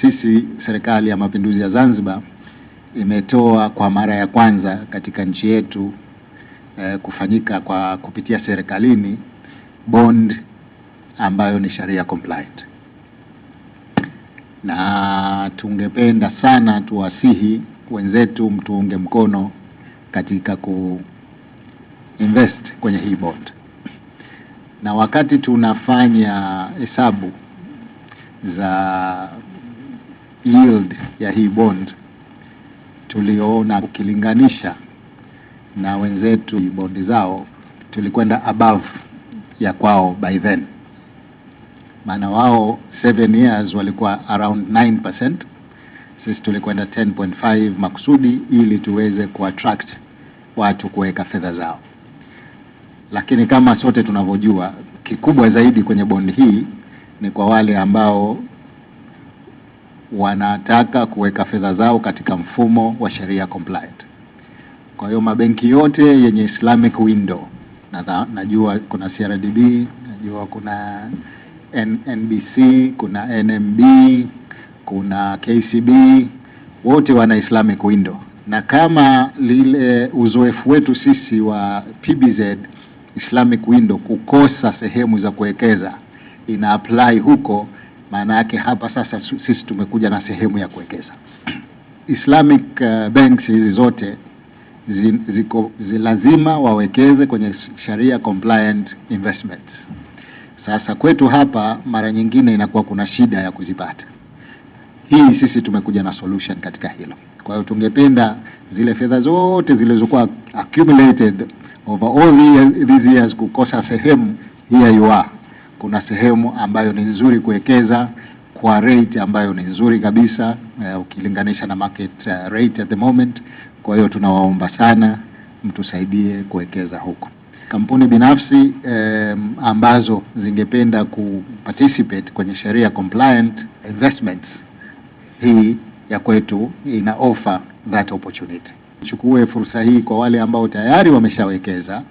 sisi serikali ya mapinduzi ya Zanzibar imetoa kwa mara ya kwanza katika nchi yetu eh, kufanyika kwa kupitia serikalini bond ambayo ni sharia compliant, na tungependa sana tuwasihi wenzetu mtuunge mkono katika ku invest kwenye hii bond. Na wakati tunafanya hesabu za yield ya hii bond tulioona, ukilinganisha na wenzetu bondi zao, tulikwenda above ya kwao by then, maana wao 7 years walikuwa around 9%, sisi tulikwenda 10.5 makusudi ili tuweze kuattract watu kuweka fedha zao, lakini kama sote tunavyojua, kikubwa zaidi kwenye bondi hii ni kwa wale ambao wanataka kuweka fedha zao katika mfumo wa sheria compliant. Kwa hiyo mabenki yote yenye Islamic window na, najua kuna CRDB, najua kuna NBC, kuna NMB, kuna KCB, wote wana Islamic window, na kama lile uzoefu wetu sisi wa PBZ Islamic window kukosa sehemu za kuwekeza ina apply huko maana yake hapa sasa sisi tumekuja na sehemu ya kuwekeza. Islamic uh, banks hizi zote zi, ziko zi lazima wawekeze kwenye sharia compliant investments. Sasa kwetu hapa mara nyingine inakuwa kuna shida ya kuzipata. Hii sisi tumekuja na solution katika hilo. Kwa hiyo tungependa zile fedha zote zilizokuwa accumulated over all these years kukosa sehemu, here you are kuna sehemu ambayo ni nzuri kuwekeza kwa rate ambayo ni nzuri kabisa uh, ukilinganisha na market uh, rate at the moment. Kwa hiyo tunawaomba sana mtusaidie kuwekeza huko. Kampuni binafsi um, ambazo zingependa ku participate kwenye sheria compliant investments hii ya kwetu ina offer that opportunity. Chukue fursa hii kwa wale ambao tayari wameshawekeza,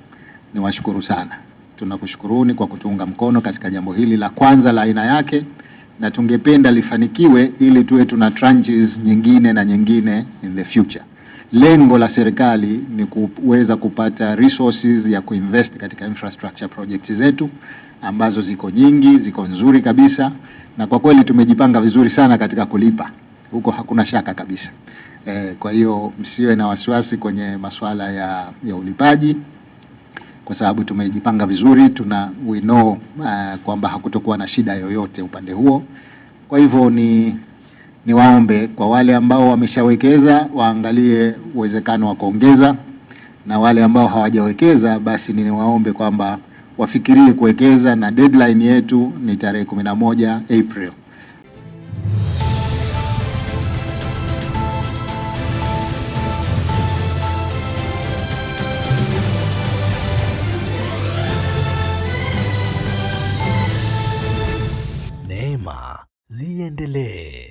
ni washukuru sana tunakushukuruni kwa kutuunga mkono katika jambo hili la kwanza la aina yake, na tungependa lifanikiwe ili tuwe tuna tranches nyingine na nyingine in the future. Lengo la serikali ni kuweza kupata resources ya kuinvest katika infrastructure projects zetu ambazo ziko nyingi, ziko nzuri kabisa, na kwa kweli tumejipanga vizuri sana katika kulipa huko, hakuna shaka kabisa. E, kwa hiyo msiwe na wasiwasi kwenye masuala ya, ya ulipaji kwa sababu tumejipanga vizuri, tuna we know uh, kwamba hakutokuwa na shida yoyote upande huo. Kwa hivyo ni niwaombe kwa wale ambao wameshawekeza waangalie uwezekano wa kuongeza, na wale ambao hawajawekeza basi niwaombe kwamba wafikirie kuwekeza, na deadline yetu ni tarehe 11 April. ziendelee.